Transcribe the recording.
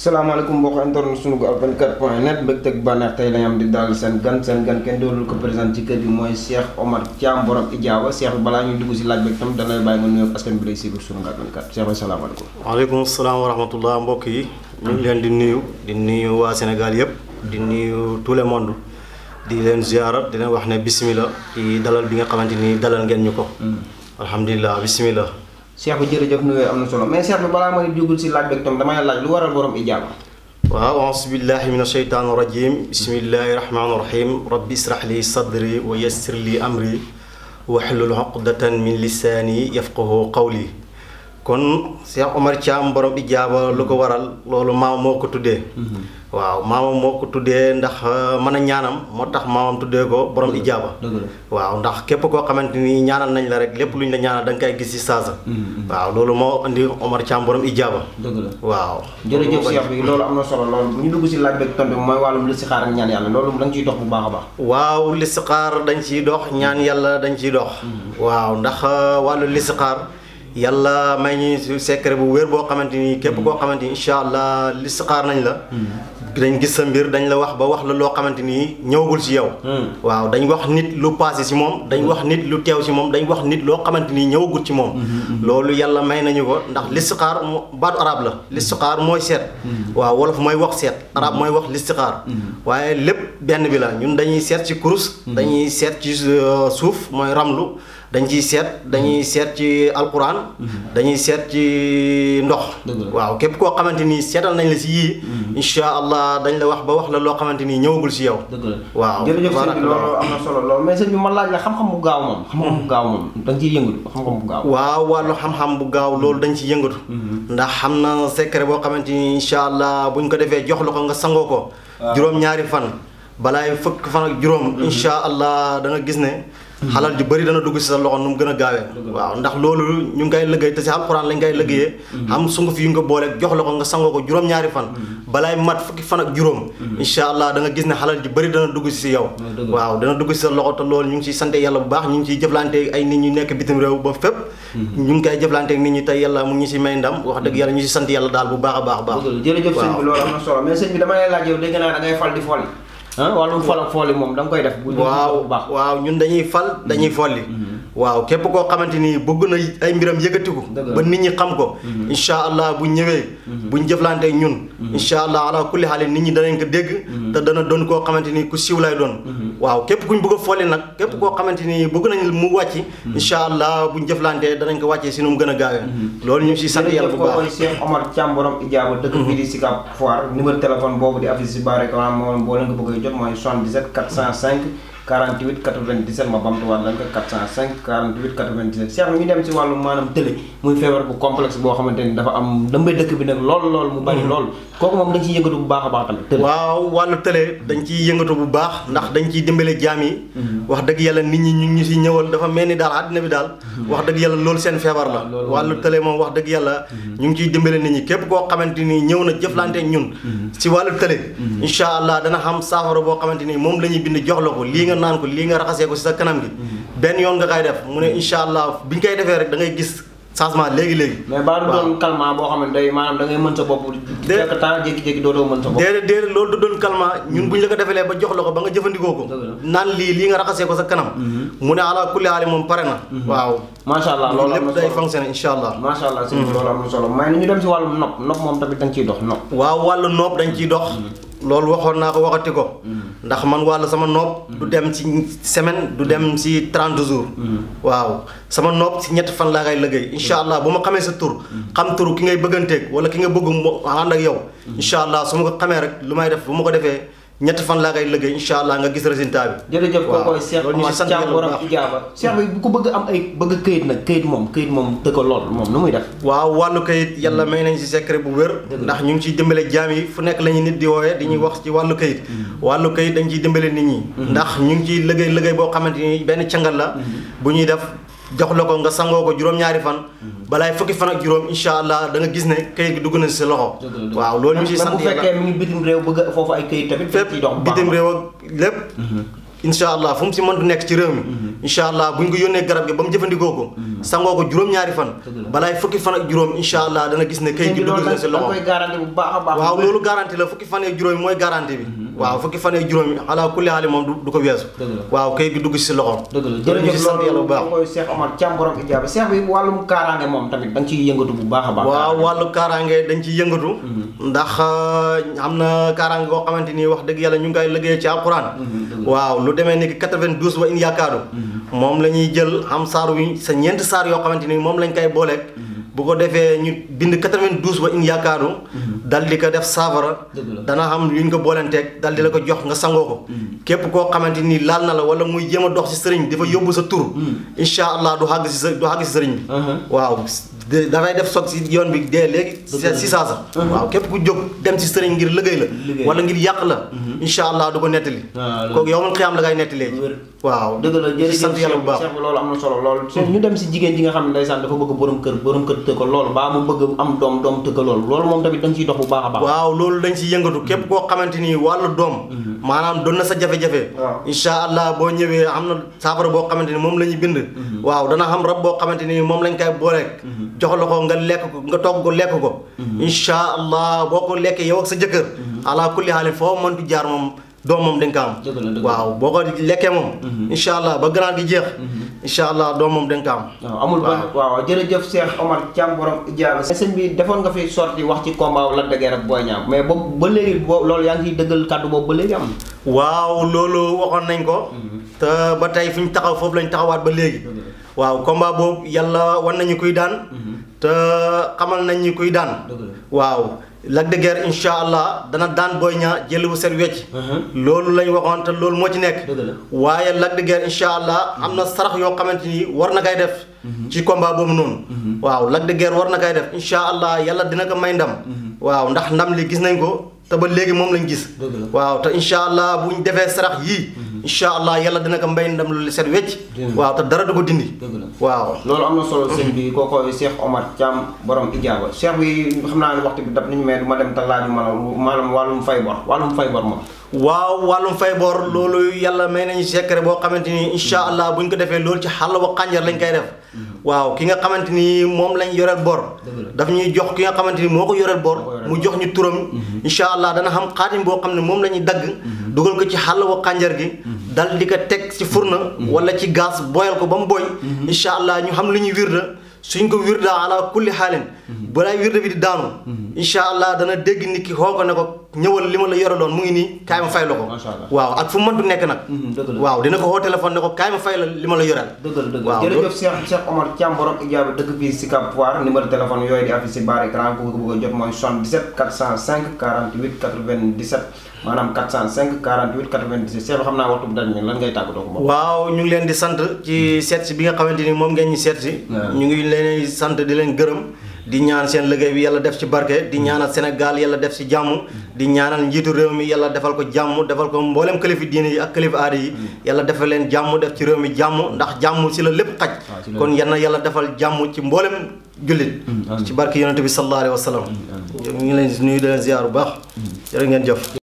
salaamaaleykum mbokk internet Sunugal 24 point net mbégteeg bànneex tey lañ am di daal seen gan seen gan kenn doolul ko présenté ci kër gi mooy Cheikh Omar Thiam borom Ijaaba Cheikh bi balaa ñuy dugg si laaj beeg tam dañ lay bàyyi nga nuyoog askan bi lay suivre Sunugal 24 Cheikh bi salaamaaleykum. waaleykum salaam wa mbokk yi. ñu ngi leen di nuyu di nuyu waa Sénégal yëpp di nuyu tout le monde di leen ziarat di leen wax ne bisimilah ci dalal bi nga xamante ni dalal ngeen ñu ko. Hmm. alhamdulilah bisimilah. Cheikh bi jërëjëf nuyoo am na solo mais Cheikh bi balaa ma jugul si laaj beeg tam damay laaj lu waral borom ijaaba. waaw auzu billahi min asheytaani rajim bismillahi rahmaani rahim rabbi israh li sadri wa yassir li amri wahlul uqdatan min lisaani yafqahu qawli kon Cheikh Omar Thiam borom ijaaba lu ko waral loolu maama moo ko tuddee. Mhm. waaw maama moo ko tuddee ndax euh, mën a ñaanam moo tax maamam tuddee ko borom ijaaba. waaw ndax képp koo xamante ni ñaanal nañ la rek lépp luñ la ñaanal da koy gis si saasa. Mhm, mhm. waaw loolu moo indi Omar Thiam borom ijaaba. dëgg la waaw. jërëjëf Cheikh bi loolu am na solo loolu bu ñu dugg si laaj beeg tontu bi mooy wàllum listixaar ak ñaan loolu dañ ciy dox bu baax a baax. waaw dañ ciy dox ñaan yàlla dañ ciy dox. waaw ndax euh, wàllu listixaar yàlla may ñu secret bu wér boo xamante ni képp koo xamante ni incha allah listixaar nañ la dañ gis sa mbir dañ la wax ba wax la loo xamante ni ñëwagul si yow hmm. waaw dañ wax nit lu passé si moom dañ wax nit lu teew si moom dañ wax nit loo xamante ni ñëwagul ci moom hmm. loolu yàlla may nañu ko ndax listixaar baatu arab la hmm. listixaar mooy seet waaw wolof mooy wax seet arab mooy wax listixaar waaye lépp benn bi la ñun dañuy seet si kurus dañuy seet ci euh, suuf mooy ramlu dañ ciy seet dañuy mm-hmm. seet ci alquran. Mm-hmm. dañuy seet ci ndox. waaw képp koo xamante ni seetal nañ la si yii. Mm-hmm. incha allah dañ la wax ba wax la loo xamante ni ñëwagul si yow. waaw jërëjëf sëñ ma laaj la xam-xam bu gaaw moom. xam-xam ciy yëngatu waaw wàllu xam bu gaaw loolu dañ ci yëngatu. ndax xam na secret boo xamante ni incha bu buñ ko defee jox la ko nga sangoo ko. juróom-ñaari fan. balaay fukk fan ak juróom. incha allah danga gis ne xalal ju bari dana dugg si sa loxo nu mu gën a gaawee waaw ndax loolu ñu ngi koy liggéey te si alxuraan lañ koy liggéeyee mm-hmm. am sunguf yu nga boole jox la ko nga sangoo ko juróom-ñaari fan mm-hmm. balaay mat fukki fan ak juróom mm-hmm. incha allah danga gis ne xalal ju bëri dana dugg si si yow waaw dana dugg si sa loxo te loolu ñu ngi ciy sante yàlla bu baax ñu ngi ciy jëflante ay nit ñu nekk bitim réew ba fépp ñu ngi koy jëflante nit ñi te yàlla mu ngi si may ndam wax dëgg yàlla ñu si sant yàlla daal bu baax a a ah wàllum fal ak moom da koy def. bu baax waaw ñun dañuy fal dañuy mm-hmm. folli. Mm-hmm. waaw képp koo xamante ni bëgg na ay mbiram yëkkatiku ba nit ñi xam ko mhm. incha allah bu ñëwee mhm. buñ jëflante ak ñun mhm. incha allah ala kulli xaal nit ñi danañ ko dégg te dana doon koo xamante ni ku siiw lay doon waaw képp ku bëgg a foole nag képp koo xamante ni bëgg nañ mu wàcc incha allah buñ jëflante danañ ko wàccee si nu mu gën a gaawee loolu ñu si sant yàlla bu baax boobu boo leen ko bëggee jot mooy 77 405 ñu dem si wàllu maanaam tële muy feebar bu complexe hmm. a baax tamit tële waaw wàllu tële dañ ciy yëngatu bu baax ndax dañ ciy dimbale jaam hmm. wax dëgg yàlla nit ñi ñu ngi ñu si ñëwal dafa mel ni daal àddina bi daal hmm. wax dëgg yàlla loolu seen feebar la wàllu tële moom wax dëgg yàlla ñu ngi ciy dimbale nit ñi képp koo xamante ni ñëw na jëflante ñun si wàllu tële incha allah dana xam saafara boo xamante ni moom la ñuy bind jox la ko lii nga naan ko lii nga raxasee ko si sa kanam gi mhm. benn yoon nga koy def mu ne mhm. incha bi ñu koy defee rek da ngay gis changement léegi léegi. mais baa du boo xam ne day maanaam da ngay loolu du doon mhm. ñun bu ñu la ko defalee ba jox la ko ba nga jëfandikoo ko. naan lii lii nga raxasee ko sa kanam. mu ne ala kulli moom pare na. waaw lépp day fonctionné incha allah. macha si loolu am na solo may ni ñu dem si wàllum nopp nopp moom tamit dañ ciy dox nopp. waaw wàllu nopp dañ ciy loolu waxoon naa ko waxati ko. Mm. ndax man wàll sama nopp. Mm. du dem ci semaine du dem si mm. trente jours. waaw sama nopp si ñett fan laa ngay liggéey incha allah bu ma xamee sa tur. xam tur ki ngay bëgganteeg wala ki nga bëgg mu ak yow. incha allah su ma ko xamee rek lu may def bu ma ko defee. ñetti fan laa koy liggéey incha allah nga gis résultat bi. jërëjëf koo koy Cheikh Omar Thiam borom Ijaaba. bu ko bëgg am ay bëgg këyit nag këyit moom këyit moom dëkk lool moom nu muy def. waaw wàllu këyit yàlla may nañ si secret bu wér. ndax ñu ngi ciy dimbale jaam yi fu nekk la ñu nit di wooyee dañuy wax ci wàllu këyit. Mm-hmm. wàllu këyit dañ ciy dimbale nit ñi. Mm-hmm. ndax ñu ngi ciy liggéey liggéey boo xamante ni benn càngal la mm-hmm. bu ñuy def jox la ko nga sangoo ko juróom-ñaari fan balaay fukki fan ak juróom insha allah da gis ne kayit gi dugg na si sa waaw loolu ñu si sant yàlla bu fekkee mi ngi bitim réew bëgg foofu ay kayit tamit fépp lépp mhm. incha allah fu mu si mëntu nekk ci réew mi mhm. incha allah bu ñu ko yónnee garab gi ba mu jëfandikoo ko mhm. sangoo ko juróom-ñaari fan balaay fukki fan ak juróom incha allah dana gis ne kayit gi dugg na si loxo waaw loolu garanti la fukki fan ak juróom mooy garanti bi waaw fukki fan yi juróomi xalaa kulli xaali moom du ko weesu waaw kay dugg si loxoom dëgg la sant yàlla bu baax mooy Cheikh Omar moom tamit dañ ciy yëngatu a baax waaw wàllu kaaraange dañ ciy yëngatu mm-hmm. ndax euh, am na kaaraange koo xamante nii wax dëgg yàlla ñu ngi koy liggéey ci alquran mm-hmm, waaw lu demee ni ki 92 wa in yaakaadu mm-hmm. moom la ñuy jël am saar wi sa ñeenti saar yoo xamante nii moom lañ koy booleeg bu ko defee ñu bind 92 ba in yaakaaru dal di ko def saafara danaa xam yuñ ko boolenteeg dal di la ko jox nga sangoo ko mm. képp koo xamante ni laal na la wala muy jéem a dox si sëriñ bi dafa yóbbu sa tur mm. insha allah du xàgg si sa du xàgg si sëriñ bi uh-huh. waaw dafay def soog si yoon bi dee léegi si saasa uh-huh. waaw képp ku jóg dem si sëriñ ngir liggéey la wala ngir yàq la mm-hmm. insha allah du ko nettali ah, kooku yow man xiyaam la ngay nettali waaw dëgg la jërëjëf sant yàlla bu baax loolu am na solo loolu hmm. ñu dem si jigéen ji nga xam ne ndeysaan dafa bëgg borom kër borom kër tëkka loolu baa mu bëgg am doom doom tëkka loolu loolu moom tamit dañ hmm. ni wàllu doom hmm. maanaam doon na sa jafe-jafe insha allah boo ñëwee am na saafara boo xamante ni moom la ñuy bind waaw dana xam rab boo xamante ni moom lañ koy booleek jox la ko nga lekk ko nga togg ko lekk ko insha allah boo ko lekkee yow ak sa jëkkër ala kulli haali foo mëntu jaar moom doom moom di nga ko am. waaw boo ko lekkee moom. Mhm. incha allah ba grand gi jeex. Mhm. allah doom moom di ko am. waaw amul ban waaw jërëjëf Cheikh Omar Thiam borom Ijaaba. sëñ bi defoon nga fi sorti wax ci combat Lac de Guiers ak Boy Niang mais boobu ba léegi boobu loolu yaa ngi ciy dëggal am waaw loolu waxoon nañ ko. Mhm. te ba tey fi ñu taxaw foofu lañu taxawaat ba léegi. waaw combat boobu yàlla wan nañu kuy daan. te xamal nañ ñu kuy daan. waaw. Lac de incha allah dana daan Boy Niang jël bu set wecc uh-huh. loolu lañ waxoon te loolu moo ci nekk waaye Lac de incha allah am na sarax yoo xamante ni war na kay def uh-huh. ci combat boobu noonu uh-huh. waaw Lac de war na kay def incha allah yalla dina ko may ndam waaw ndax ndam li gis nañ ko te ba léegi moom lañ gis waaw te incha allah bu buñ defee sarax yii incha allah yalla dina mbay ndam lu set wecc waaw te dara du ko dindi waaw loolu am na solo sëñ bi mm-hmm. kookooy Cheikh Omar Thiam borom ijaaba cheikh bi xam naa ne waxtu bi dab nañu ma dem te laaju ma maanaam wàllum fay bor wàllum fay bor moom waaw wàllum fay bor yàlla may nañu secret boo xamante ni incha mm-hmm. allah bu ñu ko defee loolu ci xàll wa xànjar lañ koy def mm-hmm. waaw ki nga xamante ni moom lañ yoreel bor daf ñuy jox ki nga xamante ni moo ko yore bor mu jox ñu turam incha allah dana xam xaatim boo xam ne moom la ñuy dagg dugal ko ci xàll wa xànjar gi mhm. dal di ko teg ci furna mhm. wala ci gaz boyal ko ba mu boy mhm. incha allah ñu xam li ñuy wirda suñ ko wirda ala kulli xaalin balaa wirda bi daanu incha allah dana dégg nit ki xoo ko ne ko ñëwal li ma la yoraloon mu ngi nii kaay ma fay la ko waaw ak fu mu mëntu nekk nag mm-hmm, waaw dina ko xoo téléphone ne ko kaay ma fay la li ma la yoral dëgg la xam naa waxtu ñu ngi leen di sant ci seet si bi nga xamante ni moom ngeen ñu seet si ñu ngi leen sant di leen gërëm di ñaan seen liggéey bi yàlla def ci barke di mm-hmm. ñaanal Sénégal yalla def ci jàmm di ñaanal njiitu réew mi yàlla defal ko jàmm defal ko mboolem kilifa diine yi ak kilifa aada yi mm-hmm. yalla defal leen jàmm def ci réew mi jàmm ndax jàmm si la lépp xaj kon yal na defal jàmm ci mboolem jullit mm-hmm. ci barke yonente bi sallallahu alayhi wa sallam ñu leen nuyu di leen bu baax jërë ngeen jëf